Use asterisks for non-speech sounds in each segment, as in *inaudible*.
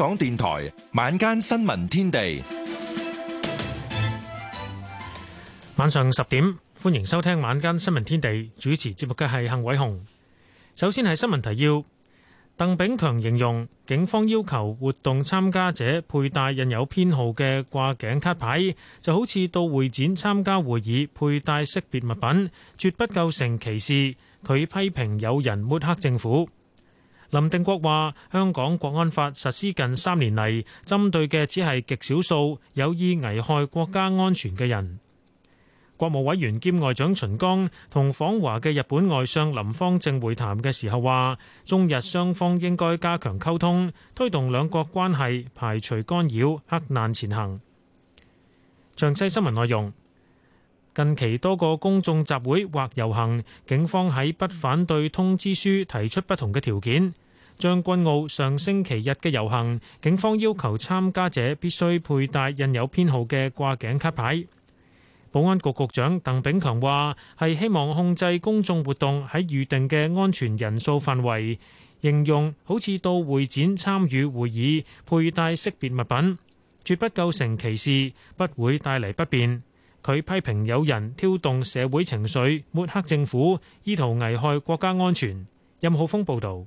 港電台晚間新聞天地，晚上十點，歡迎收聽晚間新聞天地。主持節目嘅係幸偉雄。首先係新聞提要。鄧炳強形容警方要求活動參加者佩戴印有編號嘅掛頸卡牌，就好似到會展參加會議佩戴識別物品，絕不構成歧視。佢批評有人抹黑政府。林定國話：香港國安法實施近三年嚟，針對嘅只係極少數有意危害國家安全嘅人。國務委員兼外長秦剛同訪華嘅日本外相林芳正會談嘅時候話，中日雙方應該加強溝通，推動兩國關係排除干擾，克難前行。詳細新聞內容：近期多個公眾集會或遊行，警方喺不反對通知書提出不同嘅條件。將軍澳上星期日嘅遊行，警方要求參加者必須佩戴印有編號嘅掛頸卡牌。保安局局長鄧炳強話，係希望控制公眾活動喺預定嘅安全人數範圍，形容好似到會展參與會議佩戴識別物品，絕不構成歧視，不會帶嚟不便。佢批評有人挑動社會情緒，抹黑政府，意圖危害國家安全。任浩峰報導。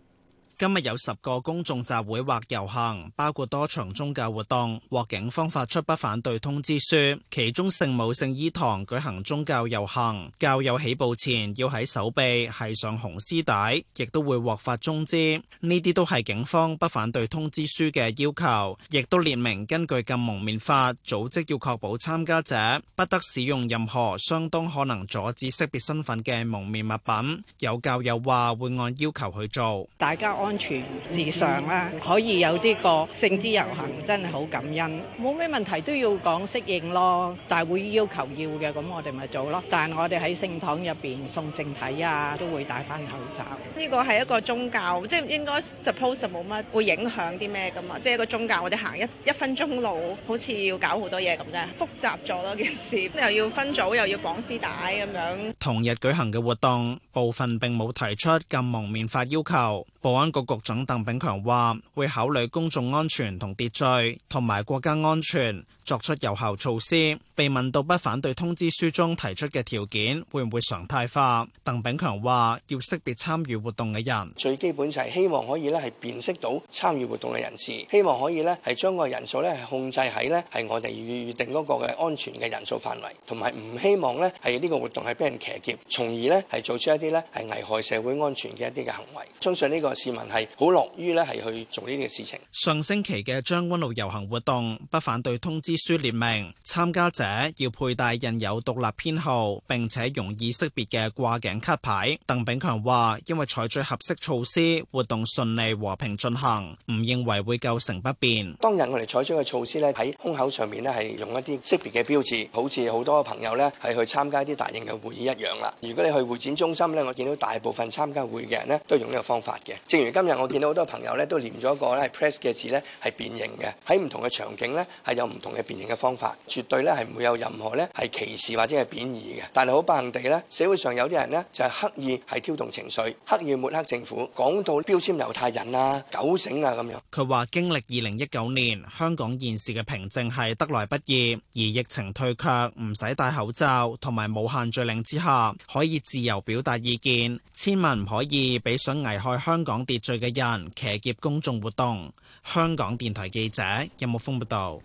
今日有十個公眾集會或遊行，包括多場宗教活動，獲警方發出不反對通知書。其中聖母聖衣堂舉行宗教遊行，教友起步前要喺手臂繫上紅絲帶，亦都會獲發中支。呢啲都係警方不反對通知書嘅要求，亦都列明根據禁蒙面法，組織要確保參加者不得使用任何相當可能阻止識別身份嘅蒙面物品。有教友話會按要求去做，大家。安全至上啦，嗯、可以有啲個聖枝遊行真係好感恩，冇咩問題都要講適應咯，但係會要求要嘅，咁我哋咪做咯。但係我哋喺聖堂入邊送聖體啊，都會戴翻口罩。呢個係一個宗教，即係應該 suppose 冇乜會影響啲咩噶嘛。即係一個宗教我，我哋行一一分鐘路，好似要搞好多嘢咁啫，複雜咗咯件事，又要分組，又要綁絲帶咁樣。同日舉行嘅活動，部分並冇提出禁蒙面法要求，保安。局局長鄧炳強話，會考慮公眾安全同秩序，同埋國家安全。作出有效措施。被問到不反對通知書中提出嘅條件會唔會常態化，鄧炳強話要識別參與活動嘅人，最基本就係希望可以咧係辨識到參與活動嘅人士，希望可以咧係將個人數咧係控制喺咧係我哋預預定嗰個嘅安全嘅人數範圍，同埋唔希望咧係呢個活動係俾人騎劫，從而咧係做出一啲咧係危害社會安全嘅一啲嘅行為，相信呢個市民係好樂於咧係去做呢啲嘅事情。上星期嘅將軍路遊行活動，不反對通知。必須列明，參加者要佩戴印有獨立編號，並且容易識別嘅掛頸卡牌。鄧炳強話，因為採取合適措施，活動順利和平進行，唔認為會構成不便。當日我哋採取嘅措施咧，喺胸口上面咧係用一啲識別嘅標誌，好似好多朋友咧係去參加啲大型嘅會議一樣啦。如果你去會展中心咧，我見到大部分參加會嘅人咧都用呢個方法嘅。正如今日我見到好多朋友咧都連咗一個咧 press 嘅字咧係變形嘅，喺唔同嘅場景咧係有唔同嘅。辨認嘅方法絕對咧係唔會有任何咧係歧視或者係貶義嘅。但係好不幸地咧，社會上有啲人咧就係刻意係挑動情緒，刻意抹黑政府，講到標籤猶太人啊、狗繩啊咁樣。佢話經歷二零一九年香港現時嘅平靜係得來不易，而疫情退卻，唔使戴口罩同埋冇限聚令之下，可以自由表達意見，千萬唔可以俾想危害香港秩序嘅人騎劫公眾活動。香港電台記者任木峰報道。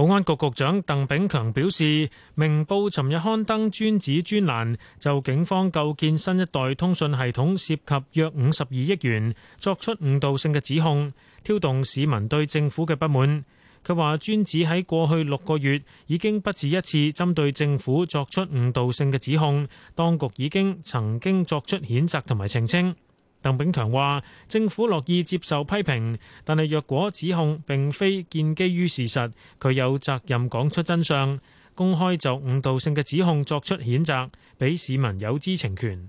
保安局局長鄧炳強表示，《明報》尋日刊登尊子專欄，就警方構建新一代通訊系統涉及約五十二億元作出誤導性嘅指控，挑動市民對政府嘅不滿。佢話尊子喺過去六個月已經不止一次針對政府作出誤導性嘅指控，當局已經曾經作出譴責同埋澄清。鄧炳強話：政府樂意接受批評，但係若果指控並非建基於事實，佢有責任講出真相，公開就誤導性嘅指控作出譴責，俾市民有知情權。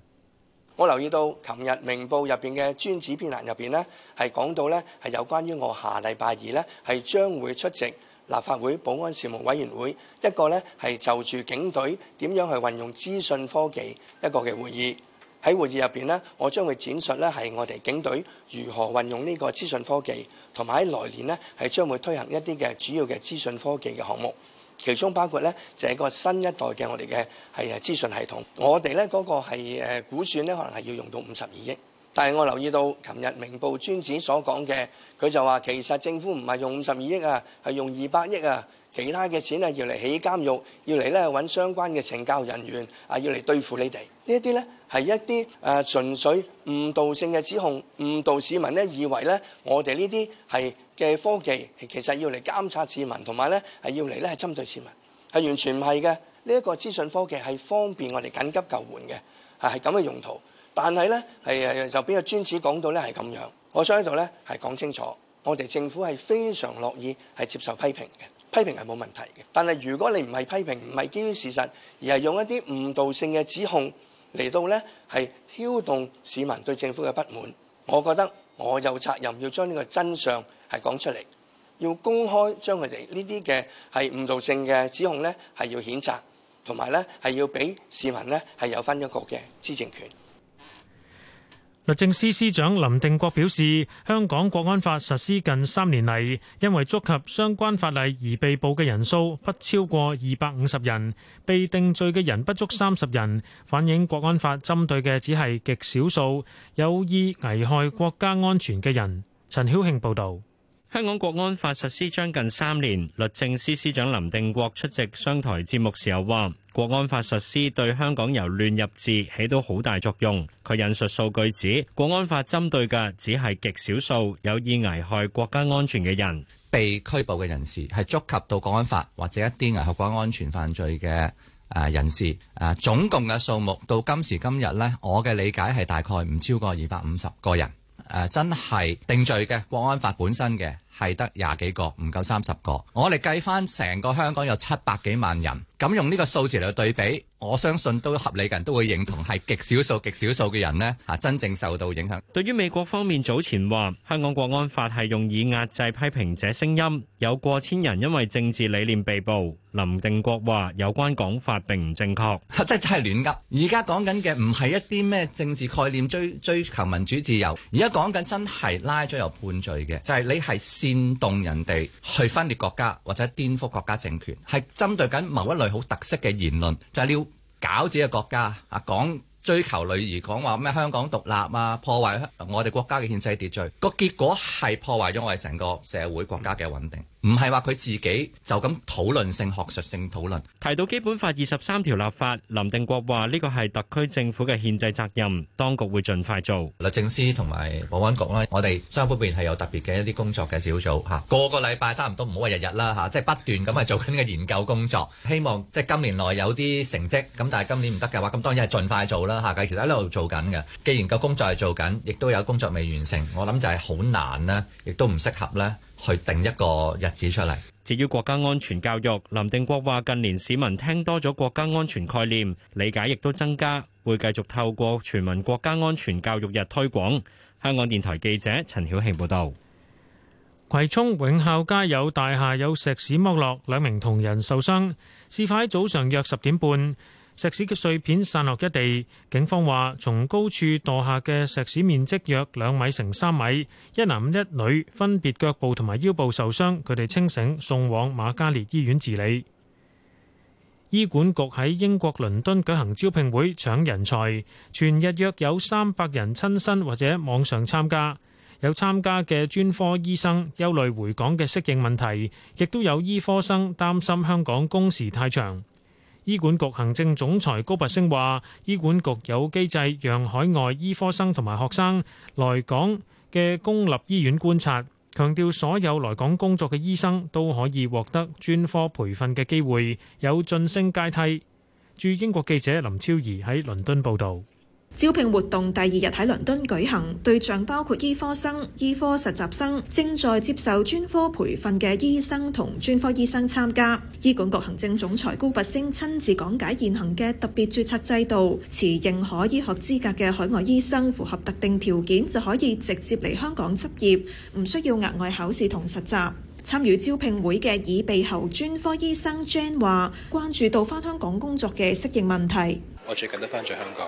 我留意到琴日《明報》入邊嘅專子專欄入邊呢係講到呢係有關於我下禮拜二呢係將會出席立法會保安事務委員會一個呢係就住警隊點樣去運用資訊科技一個嘅會議。喺會議入面，我將會展述係我哋警隊如何運用呢個資訊科技，同埋喺來年咧係將會推行一啲嘅主要嘅資訊科技嘅項目，其中包括咧就係個新一代嘅我哋嘅係誒資訊系統，我哋咧嗰個係估算咧可能係要用到五十二億。但係我留意到琴日《明報專子》所講嘅，佢就話其實政府唔係用五十二億啊，係用二百億啊，其他嘅錢係要嚟起監獄，要嚟咧揾相關嘅懲教人員，要嚟對付你哋。呢啲呢係一啲咧係一啲誒純粹誤導性嘅指控，誤導市民咧以為咧我哋呢啲係嘅科技其實要嚟監察市民，同埋咧係要嚟咧係針對市民，係完全唔係嘅。呢一個資訊科技係方便我哋緊急救援嘅，係係咁嘅用途。但係呢，係係就邊個專此講到呢？係咁樣？我想喺度呢，係講清楚，我哋政府係非常樂意係接受批評嘅，批評係冇問題嘅。但係如果你唔係批評，唔係基於事實，而係用一啲誤導性嘅指控嚟到呢，係挑動市民對政府嘅不滿，我覺得我有責任要將呢個真相係講出嚟，要公開將佢哋呢啲嘅係誤導性嘅指控呢，係要譴責，同埋呢係要俾市民呢，係有返一個嘅知情權。律政司司長林定國表示，香港國安法實施近三年嚟，因為觸及相關法例而被捕嘅人數不超過二百五十人，被定罪嘅人不足三十人，反映國安法針對嘅只係極少數有意危害國家安全嘅人。陳曉慶報道，香港國安法實施將近三年，律政司司長林定國出席商台節目時候話。國安法實施對香港由亂入治起到好大作用。佢引述數據指，國安法針對嘅只係極少數有意危害國家安全嘅人。被拘捕嘅人士係觸及到國安法或者一啲危害國家安全犯罪嘅誒人士誒、啊，總共嘅數目到今時今日呢，我嘅理解係大概唔超過二百五十個人誒、啊，真係定罪嘅國安法本身嘅係得廿幾個，唔夠三十個。我哋計翻成個香港有七百幾萬人。咁用呢個數字嚟對比，我相信都合理嘅人都會認同，係極少數、極少數嘅人呢吓，真正受到影響。對於美國方面早前話香港國安法係用以壓制批評者聲音，有過千人因為政治理念被捕。林定國話有關講法並唔正確，即係真亂噏。而家講緊嘅唔係一啲咩政治概念追追求民主自由，而家講緊真係拉咗又判罪嘅，就係、是、你係煽動人哋去分裂國家或者顛覆國家政權，係針對緊某一類。好特色嘅言論，就係要搞自己嘅國家啊！講追求女兒講話咩香港獨立啊，破壞我哋國家嘅憲制秩序，個結果係破壞咗我哋成個社會國家嘅穩定。唔係話佢自己就咁討論性、學術性討論。提到基本法二十三條立法，林定國話呢個係特區政府嘅憲制責任，當局會盡快做。律政司同埋保安局呢，我哋雙方，方面係有特別嘅一啲工作嘅小組嚇，個個禮拜差唔多唔好話日日啦嚇，即、啊、係、就是、不斷咁係做緊嘅研究工作，希望即係今年內有啲成績。咁但係今年唔得嘅話，咁當然係盡快做啦嚇。佢、啊、其實喺度做緊嘅，既然個工作係做緊，亦都有工作未完成，我諗就係好難啦，亦都唔適合啦。去定一個日子出嚟。至於國家安全教育，林定國話：近年市民聽多咗國家安全概念，理解亦都增加，會繼續透過全民國家安全教育日推廣。香港電台記者陳曉慶報道。葵涌永孝街有大廈有石屎剝落，兩名同人受傷。事發喺早上約十點半。石屎嘅碎片散落一地，警方話從高處墮下嘅石屎面積約兩米乘三米，一男一女分別腳部同埋腰部受傷，佢哋清醒，送往瑪嘉烈醫院治理。醫管局喺英國倫敦舉行招聘會搶人才，全日約有三百人親身或者網上參加，有參加嘅專科醫生憂慮回港嘅適應問題，亦都有醫科生擔心香港工時太長。醫管局行政總裁高拔升話，醫管局有機制讓海外醫科生同埋學生來港嘅公立醫院觀察，強調所有來港工作嘅醫生都可以獲得專科培訓嘅機會，有晉升階梯。駐英國記者林超儀喺倫敦報道。招聘活動第二日喺倫敦舉行，對象包括醫科生、醫科實習生，正在接受專科培訓嘅醫生同專科醫生參加。醫管局行政總裁高拔升親自講解現行嘅特別註冊制度，持認可醫學資格嘅海外醫生符合特定條件就可以直接嚟香港執業，唔需要額外考試同實習。參與招聘會嘅耳鼻喉專科醫生 Jan 話，關注到返香港工作嘅適應問題。我最近都翻咗香港。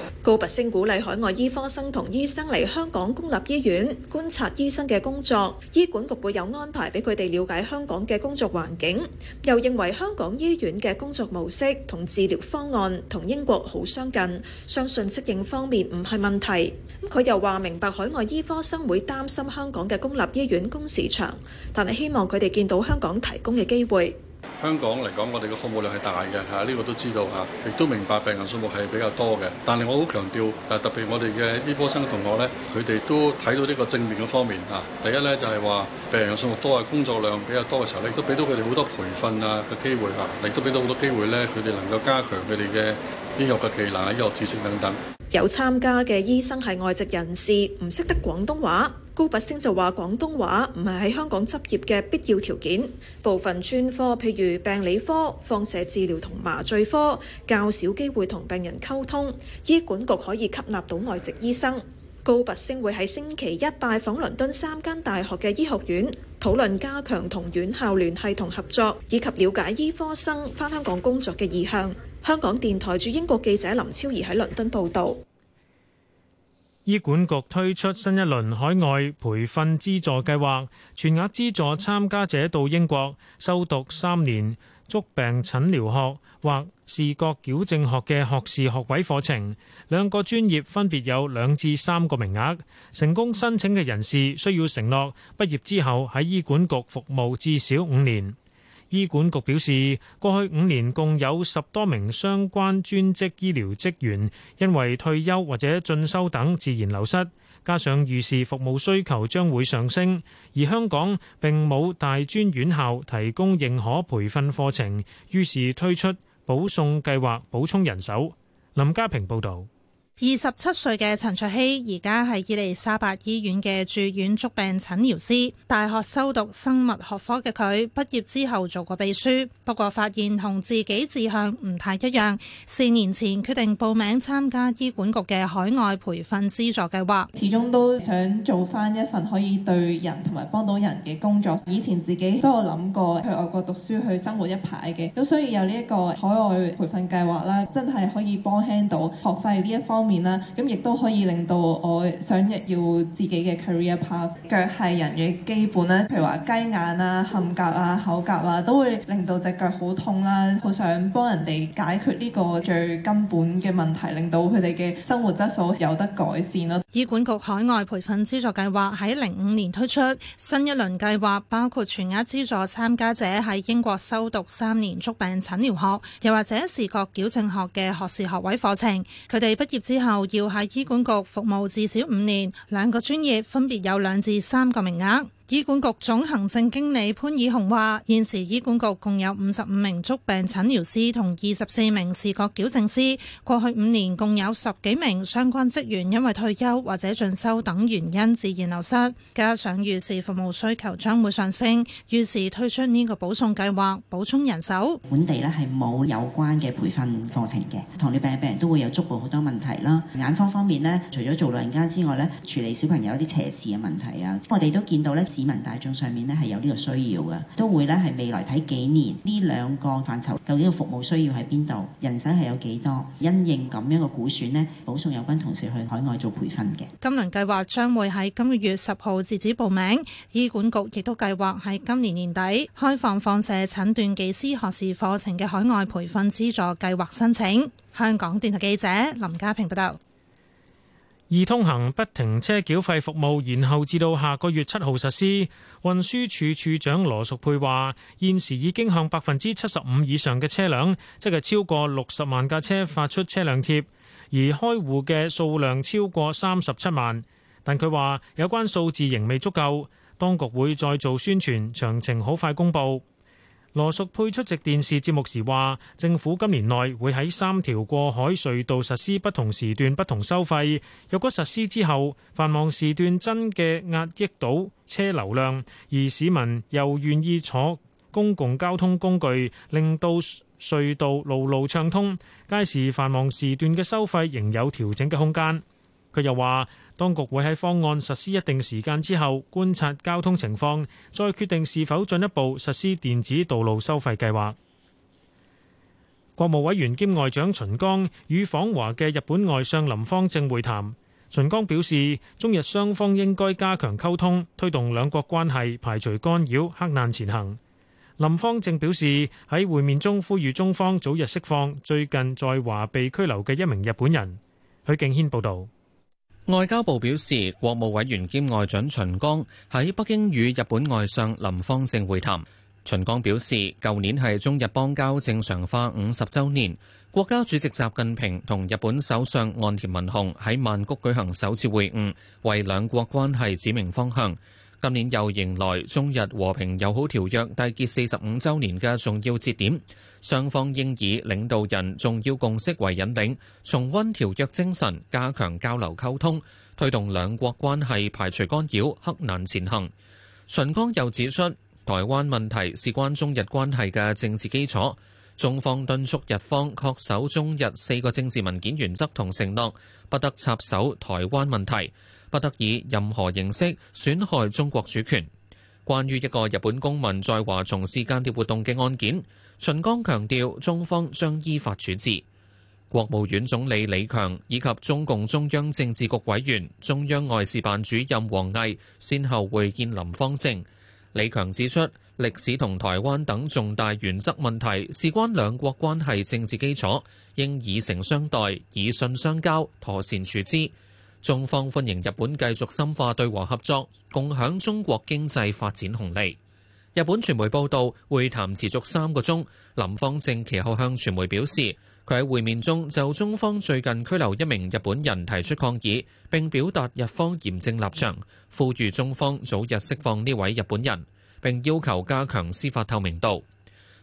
高拔陞鼓勵海外醫科生同醫生嚟香港公立醫院觀察醫生嘅工作，醫管局會有安排俾佢哋了解香港嘅工作環境。又認為香港醫院嘅工作模式同治療方案同英國好相近，相信適應方面唔係問題。咁佢又話明白海外醫科生會擔心香港嘅公立醫院工時長，但係希望佢哋見到香港提供嘅機會。香港嚟講，我哋嘅服務量係大嘅吓，呢個都知道吓，亦都明白病人數目係比較多嘅。但係我好強調，誒，特別我哋嘅醫科生嘅同學咧，佢哋都睇到呢個正面嘅方面吓。第一咧就係話病人數目多啊，工作量比較多嘅時候咧，亦都俾到佢哋好多培訓啊嘅機會吓，亦都俾到好多機會咧，佢哋能夠加強佢哋嘅醫學嘅技能、醫學知識等等。有參加嘅醫生係外籍人士，唔識得廣東話。高拔星就話：廣東話唔係喺香港執業嘅必要條件。部分專科，譬如病理科、放射治療同麻醉科，較少機會同病人溝通。醫管局可以吸納到外籍醫生。高拔星會喺星期一拜訪倫敦三間大學嘅醫學院，討論加強同院校聯繫同合作，以及了解醫科生返香港工作嘅意向。香港電台駐英國記者林超兒喺倫敦報道。醫管局推出新一輪海外培訓資助計劃，全額資助參加者到英國修讀三年足病診療學或視覺矯正學嘅學士學位課程。兩個專業分別有兩至三個名額，成功申請嘅人士需要承諾畢業之後喺醫管局服務至少五年。醫管局表示，過去五年共有十多名相關專職醫療職員因為退休或者進修等自然流失，加上預示服務需求將會上升，而香港並冇大專院校提供認可培訓課程，於是推出保送計劃補充人手。林家平報導。二十七歲嘅陳卓希，而家係伊利沙伯醫院嘅住院足病診療師。大學修讀生物學科嘅佢，畢業之後做過秘書，不過發現同自己志向唔太一樣。四年前決定報名參加醫管局嘅海外培訓資助計劃，始終都想做翻一份可以對人同埋幫到人嘅工作。以前自己都有諗過去外國讀書去生活一排嘅，咁所以有呢一個海外培訓計劃啦，真係可以幫輕到學費呢一方方面啦，咁亦都可以令到我想要自己嘅 career path。腳係人嘅基本咧，譬如話雞眼啊、冚甲啊、口甲啊，都會令到隻腳好痛啦，好想幫人哋解決呢個最根本嘅問題，令到佢哋嘅生活質素有得改善啦。醫管局海外培訓資助計劃喺零五年推出，新一輪計劃，包括全額資助參加者喺英國修讀三年足病診療學，又或者視覺矯正學嘅學士學位課程。佢哋畢業。之後要喺醫管局服務至少五年，兩個專業分別有兩至三個名額。醫管局總行政經理潘以雄話，現時醫管局共有五十五名足病診療師同二十四名視覺矯正師。過去五年共有十幾名相關職員因為退休或者進修等原因自然流失，加上預示服務需求將會上升，於是推出呢個保送計劃，補充人手。本地呢係冇有關嘅培訓課程嘅。糖尿病嘅病人都會有足部好多問題啦。眼科方面呢，除咗做老人家之外呢，處理小朋友啲斜視嘅問題啊，我哋都見到呢。市民大眾上面呢，係有呢個需要嘅。都會呢，係未來睇幾年呢兩個範疇，究竟個服務需要喺邊度，人生係有幾多，因應咁樣一個估算呢，保送有關同事去海外做培訓嘅。今輪計劃將會喺今個月十號截止報名，醫管局亦都計劃喺今年年底開放放射診斷技師學士課程嘅海外培訓資助計劃申請。香港電台記者林家平報道。易通行不停車繳費服務，延後至到下個月七號實施。運輸署署長羅淑佩話，現時已經向百分之七十五以上嘅車輛，即係超過六十萬架車發出車輛貼，而開戶嘅數量超過三十七萬。但佢話有關數字仍未足夠，當局會再做宣傳，詳情好快公佈。羅淑佩出席電視節目時話，政府今年內會喺三條過海隧道實施不同時段不同收費。若果實施之後，繁忙時段真嘅壓抑到車流量，而市民又願意坐公共交通工具，令到隧道路路暢通，屆時繁忙時段嘅收費仍有調整嘅空間。佢又話：當局會喺方案實施一定時間之後觀察交通情況，再決定是否進一步實施電子道路收費計劃。國務委員兼外長秦剛與訪華嘅日本外相林芳正會談。秦剛表示，中日雙方應該加強溝通，推動兩國關係，排除干擾，克難前行。林芳正表示，喺會面中呼籲中方早日釋放最近在華被拘留嘅一名日本人。許敬軒報導。外交部表示，國務委員兼外長秦剛喺北京與日本外相林芳正會談。秦剛表示，舊年係中日邦交正常化五十周年，國家主席習近平同日本首相岸田文雄喺曼谷舉行首次會晤，為兩國關係指明方向。今年又迎來中日和平友好條約締結四十五周年嘅重要節點。雙方應以領導人重要共識為引領，重温條約精神，加強交流溝通，推動兩國關係排除干擾，克難前行。秦剛又指出，台灣問題事關中日關係嘅政治基礎，中方敦促日方確守中日四個政治文件原則同承諾，不得插手台灣問題，不得以任何形式損害中國主權。關於一個日本公民在華從事間諜活動嘅案件。秦剛強調，中方將依法處置。國務院總理李強以及中共中央政治局委員、中央外事辦主任王毅先後會見林芳正。李強指出，歷史同台灣等重大原則問題，事關兩國關係政治基礎，應以誠相待、以信相交、妥善處置。中方歡迎日本繼續深化對華合作，共享中國經濟發展紅利。日本傳媒報道，會談持續三個鐘。林芳正其後向傳媒表示，佢喺會面中就中方最近拘留一名日本人提出抗議，並表達日方嚴正立場，呼籲中方早日釋放呢位日本人，並要求加強司法透明度。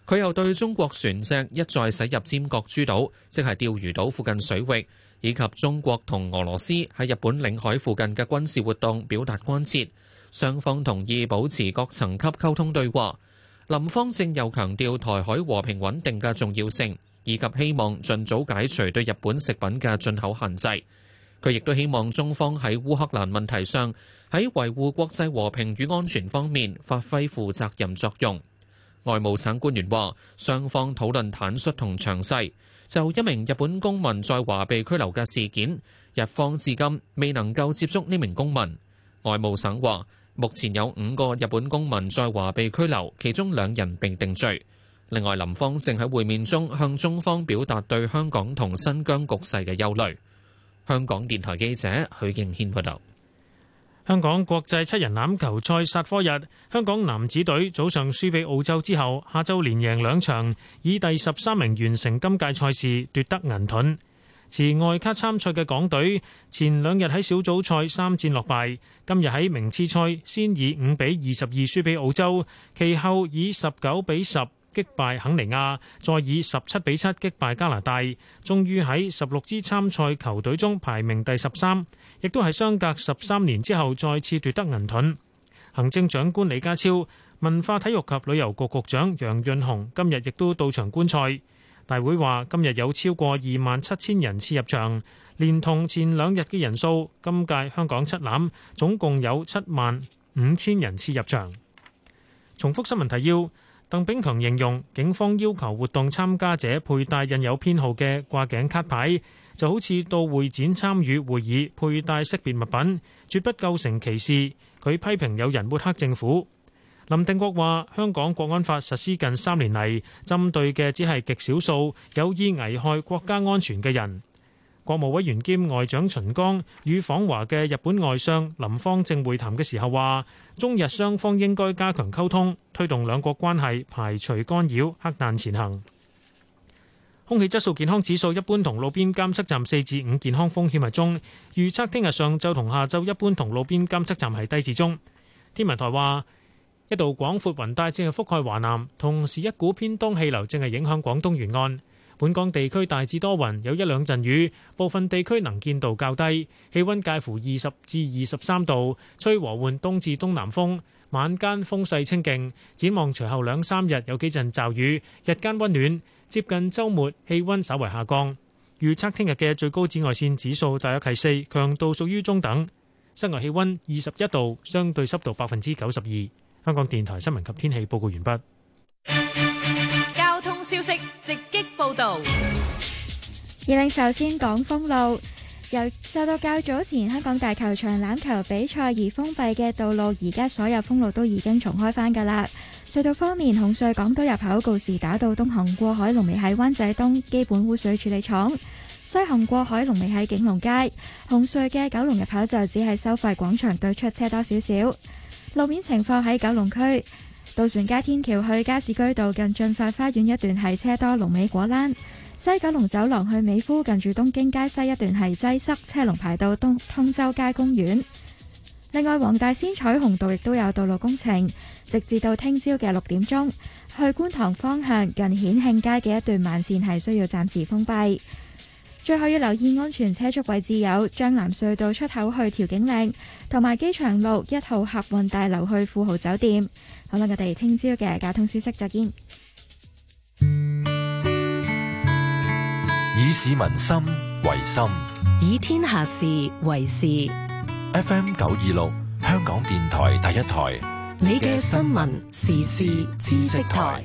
佢又對中國船隻一再駛入尖閣諸島，即係釣魚島附近水域，以及中國同俄羅斯喺日本領海附近嘅軍事活動表達關切。雙方同意保持各層級溝通對話。林芳正又強調台海和平穩定嘅重要性，以及希望盡早解除對日本食品嘅進口限制。佢亦都希望中方喺烏克蘭問題上喺維護國際和平與安全方面發揮負責任作用。外務省官員話：雙方討論坦率同詳細。就一名日本公民在華被拘留嘅事件，日方至今未能夠接觸呢名公民。外務省話。目前有五個日本公民在華被拘留，其中兩人並定罪。另外，林芳正喺會面中向中方表達對香港同新疆局勢嘅憂慮。香港電台記者許敬軒報道：「香港國際七人欖球賽殺科日，香港男子隊早上輸俾澳洲之後，下晝連贏兩場，以第十三名完成今屆賽事，奪得銀盾。持外卡參賽嘅港隊前兩日喺小組賽三戰落敗，今日喺名次賽先以五比二十二輸俾澳洲，其後以十九比十擊敗肯尼亞，再以十七比七擊敗加拿大，終於喺十六支參賽球隊中排名第十三，亦都係相隔十三年之後再次奪得銀盾。行政長官李家超、文化體育及旅遊局局局長楊潤雄今日亦都到場觀賽。大會話，今日有超過二萬七千人次入場，連同前兩日嘅人數，今屆香港七攬總共有七萬五千人次入場。重複新聞提要，鄧炳強形容警方要求活動參加者佩戴印有編號嘅掛頸卡牌，就好似到會展參與會議佩戴識別物品，絕不構成歧視。佢批評有人抹黑政府。林定國話：香港國安法實施近三年嚟，針對嘅只係極少數有意危害國家安全嘅人。國務委員兼外長秦剛與訪華嘅日本外相林芳正會談嘅時候話，中日雙方應該加強溝通，推動兩國關係排除干擾，克難前行。空氣質素健康指數一般同路邊監測站四至五健康風險係中，預測聽日上晝同下晝一般同路邊監測站係低至中。天文台話。一道廣闊雲帶正係覆蓋華南，同時一股偏東氣流正係影響廣東沿岸。本港地區大致多雲，有一兩陣雨，部分地區能見度較低，氣溫介乎二十至二十三度，吹和緩東至東南風，晚間風勢清勁，展望隨後兩三日有幾陣驟雨，日間溫暖，接近週末氣溫稍為下降。預測聽日嘅最高紫外線指數大約係四，強度屬於中等。室外氣溫二十一度，相對濕度百分之九十二。香港電台新聞及天氣報告完畢。交通消息直擊報道，二零首先講封路，由受到較早前香港大球場欖球比賽而封閉嘅道路，而家所有封路都已經重開返噶啦。隧道方面，紅隧港島入口告士打道東行過海龍尾喺灣仔東基本污水處理廠，西行過海龍尾喺景隆街。紅隧嘅九龍入口就只係收費廣場對出車多少少。路面情況喺九龍區渡船街天橋去加士居道近駿發花園一段係車多龍尾果欄，西九龍走廊去美孚近住東京街西一段係擠塞車龍排到東通州街公園。另外，黃大仙彩虹道亦都有道路工程，直至到聽朝嘅六點鐘去觀塘方向近衍慶街嘅一段慢線係需要暫時封閉。最後要留意安全車速位置有將南隧道出口去調景嶺，同埋機場路一號客運大樓去富豪酒店。好啦，我哋聽朝嘅交通消息再見。以市民心為心，以天下事為事。F M 九二六，香港電台第一台，你嘅新聞時事知識台。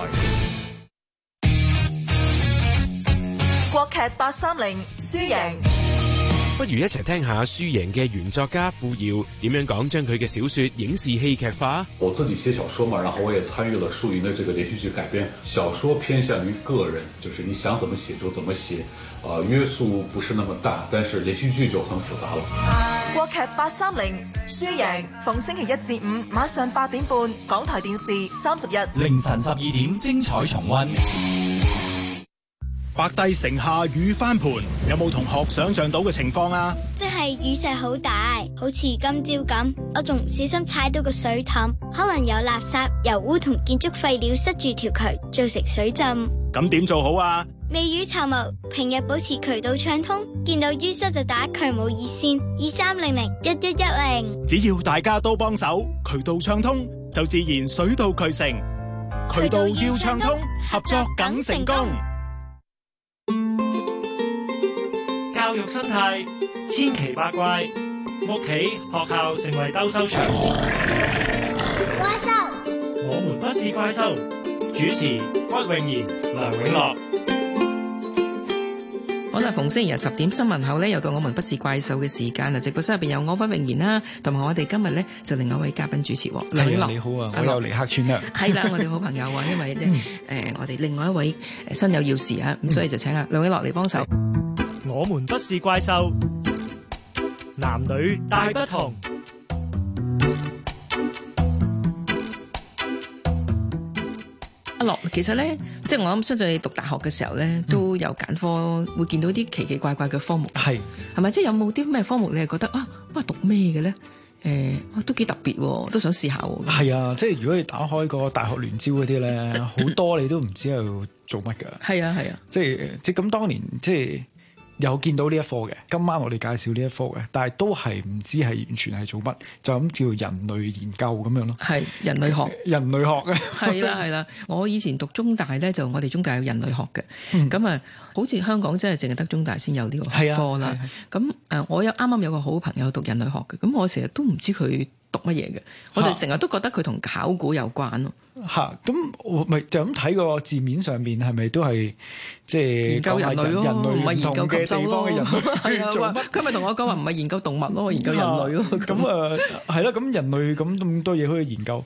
國劇八三零輸贏，不如一齊聽下輸贏嘅原作家傅瑤點樣講，將佢嘅小說影視戲劇化。我自己寫小說嘛，然後我也參與了輸贏嘅這個連續劇改編。小說偏向於個人，就是你想怎麼寫就怎麼寫，啊、呃，約束不是那麼大，但是連續劇就很複雜了。國劇八三零《輸贏》，逢星期一至五，晚上八點半，港台電視三十日凌晨十二點，精彩重溫。白帝城下雨翻盤，有冇同學想象到嘅情況啊？即係雨勢好大，好似今朝咁。我仲唔小心踩到個水凼，可能有垃圾、油污同建築廢料塞住條渠，造成水浸。咁點做好啊？未雨綢繆，平日保持渠道暢通，見到淤塞就打渠務熱線二三零零一一一零。11 11，只要大家都幫手，渠道暢通就自然水到渠成。渠道要暢通，合作梗成功。教育生態千奇百怪，屋企學校成為鬥獸場。怪獸塑，我們不是怪獸。主持屈穎妍、梁永樂，好啦，逢星期日十點新聞後咧，又到我們不是怪獸嘅時間啦！直播室入邊有我屈穎妍啦，同埋我哋今日咧就另外一位嘉賓主持，梁永樂。哎，你好啊，我又嚟客串啦。係啦，啊， *laughs* 我哋好朋友啊，因為咧誒，我哋另外一位身有要事啊，咁所以就請啊兩位落嚟幫手。 *laughs* 我們不是怪獸，男女大不同。啊、其實咧，即係我諗，相信你讀大學嘅時候咧，都有揀科，嗯、會見到啲奇奇怪怪嘅科目。係係咪？即係有冇啲咩科目你係覺得啊？喂、啊，讀咩嘅咧？誒、啊，都幾特別，都想試下喎。係啊，即係如果你打開個大學聯招嗰啲咧，好 *laughs* 多你都唔知係做乜㗎。係啊係啊，啊即係即咁當年即係。有見到呢一科嘅，今晚我哋介紹呢一科嘅，但係都係唔知係完全係做乜，就咁叫人類研究咁樣咯。係，人類學，人類學嘅。係啦係啦，我以前讀中大咧，就我哋中大有人類學嘅，咁啊、嗯，好似香港真係淨係得中大先有呢個學科啦。咁誒，我有啱啱有個好朋友讀人類學嘅，咁我成日都唔知佢。讀乜嘢嘅？我哋成日都覺得佢同考古有關咯。嚇、啊！咁咪就咁睇個字面上面係咪都係即係研究人類咯？人類唔係研究地方嘅人類。佢做乜，佢咪同我講話唔係研究動物咯，研究人類咯。咁啊，係啦，咁人類咁咁多嘢可以研究。